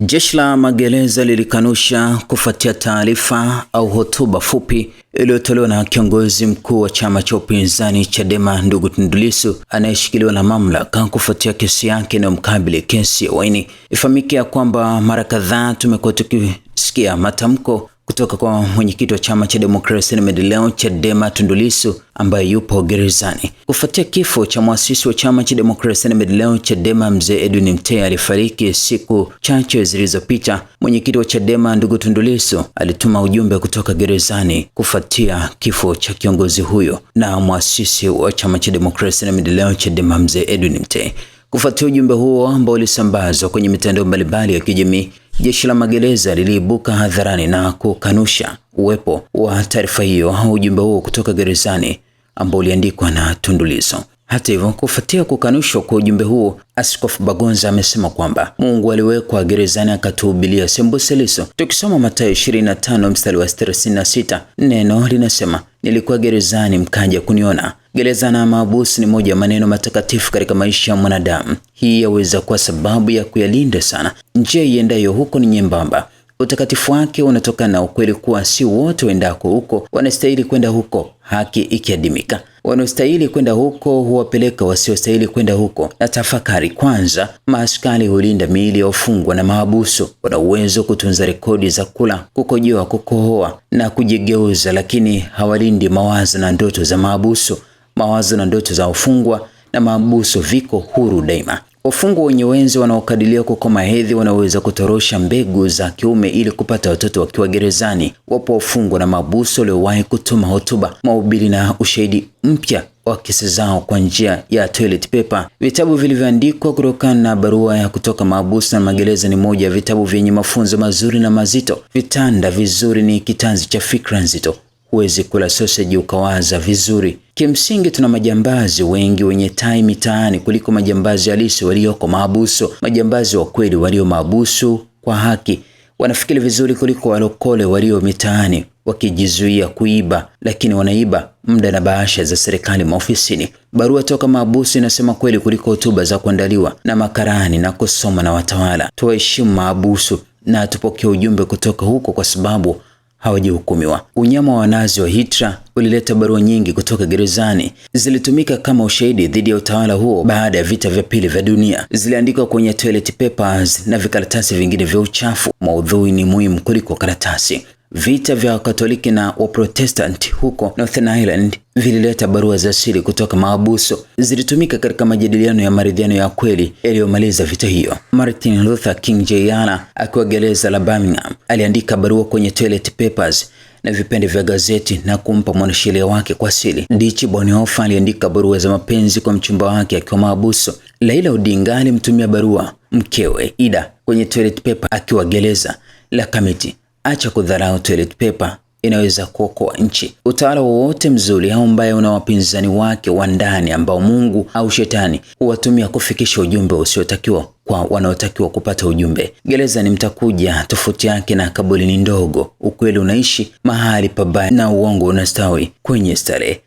Jeshi la magereza lilikanusha kufuatia taarifa au hotuba fupi iliyotolewa na kiongozi mkuu wa chama cha upinzani Chadema ndugu Tundu Lissu anayeshikiliwa na mamlaka kufuatia kesi yake inayomkabili kesi ya uhaini. Ifahamike ya kwamba mara kadhaa tumekuwa tukisikia matamko kutoka kwa mwenyekiti wa chama cha demokrasia na maendeleo Chadema Tundu Lissu ambaye yupo gerezani kufuatia kifo cha mwasisi wa chama cha demokrasia na maendeleo Chadema mzee Edwin Mtei alifariki siku chache zilizopita. Mwenyekiti wa Chadema ndugu Tundu Lissu alituma ujumbe kutoka gerezani kufuatia kifo cha kiongozi huyo na mwasisi wa chama cha demokrasia na maendeleo Chadema mzee Edwin Mtei. Kufuatia ujumbe huo ambao ulisambazwa kwenye mitandao mbalimbali ya kijamii Jeshi la magereza liliibuka hadharani na kukanusha uwepo wa taarifa hiyo au ujumbe huo kutoka gerezani ambao uliandikwa na Tundu Lissu. Hata hivyo, kufuatia kukanushwa kwa ujumbe huo, Askofu Bagonza amesema kwamba Mungu aliwekwa gerezani akatuhubilia sembuse Lissu. Tukisoma Mathayo 25 mstari wa 36, neno linasema nilikuwa gerezani mkaja kuniona. Gereza na maabusu ni moja ya maneno matakatifu katika maisha ya mwanadamu. Hii yaweza kuwa sababu ya kuyalinda sana. Njia iendayo huko ni nyembamba. Utakatifu wake unatokana na ukweli kuwa si wote waendako huko wanastahili kwenda huko, haki ikiadimika wanaostahili kwenda huko huwapeleka wasiostahili kwenda huko. Na tafakari kwanza, maaskari hulinda miili ya wafungwa na maabuso, wana uwezo kutunza rekodi za kula, kukojoa, kukohoa na kujigeuza, lakini hawalindi mawazo na ndoto za maabuso. Mawazo na ndoto za wafungwa na maabuso viko huru daima. Wafungwa wenye wenzi wanaokadiria kukoma hedhi wanaweza kutorosha mbegu za kiume ili kupata watoto wakiwa gerezani. Wapo wafungwa na mabusu waliowahi kutuma hotuba, mahubiri na ushahidi mpya wa kesi zao kwa njia ya toilet paper. Vitabu vilivyoandikwa kutokana na barua ya kutoka maabusu na magereza ni moja ya vitabu vyenye mafunzo mazuri na mazito. Vitanda vizuri ni kitanzi cha fikra nzito huwezi kula soseji ukawaza vizuri. Kimsingi tuna majambazi wengi wenye tai mitaani kuliko majambazi halisi walioko maabuso. Majambazi wa kweli walio maabusu kwa haki wanafikiri vizuri kuliko walokole walio mitaani wakijizuia kuiba, lakini wanaiba muda na bahasha za serikali maofisini. Barua toka maabusu inasema kweli kuliko hotuba za kuandaliwa na makarani na kusoma na watawala. Tuwaheshimu maabusu na tupokee ujumbe kutoka huko, kwa sababu hawajahukumiwa. Unyama wa Wanazi wa Hitler ulileta barua nyingi kutoka gerezani, zilitumika kama ushahidi dhidi ya utawala huo baada ya vita vya pili vya dunia. Ziliandikwa kwenye toilet papers na vikaratasi vingine vya uchafu. Maudhui ni muhimu kuliko karatasi. Vita vya Wakatoliki na waprotestant huko Northern Ireland vilileta barua za siri kutoka maabuso, zilitumika katika majadiliano ya maridhiano ya kweli yaliyomaliza vita hiyo. Martin Luther King Jr akiwa gereza la Birmingham aliandika barua kwenye toilet papers na vipande vya gazeti na kumpa mwanasheria wake kwa siri. Dichi Bonhoeffer aliandika barua za mapenzi kwa mchumba wake akiwa maabuso. Laila Odinga alimtumia barua mkewe Ida kwenye toilet paper akiwa gereza la Kamiti. Acha kudharau toilet paper, inaweza kuokoa nchi. Utawala wowote mzuri au mbaya una wapinzani wake wa ndani ambao Mungu au shetani huwatumia kufikisha ujumbe usiotakiwa kwa wanaotakiwa kupata ujumbe. ni mtakuja, tofauti yake na kaburi ni ndogo. Ukweli unaishi mahali pabaya na uongo unastawi kwenye starehe.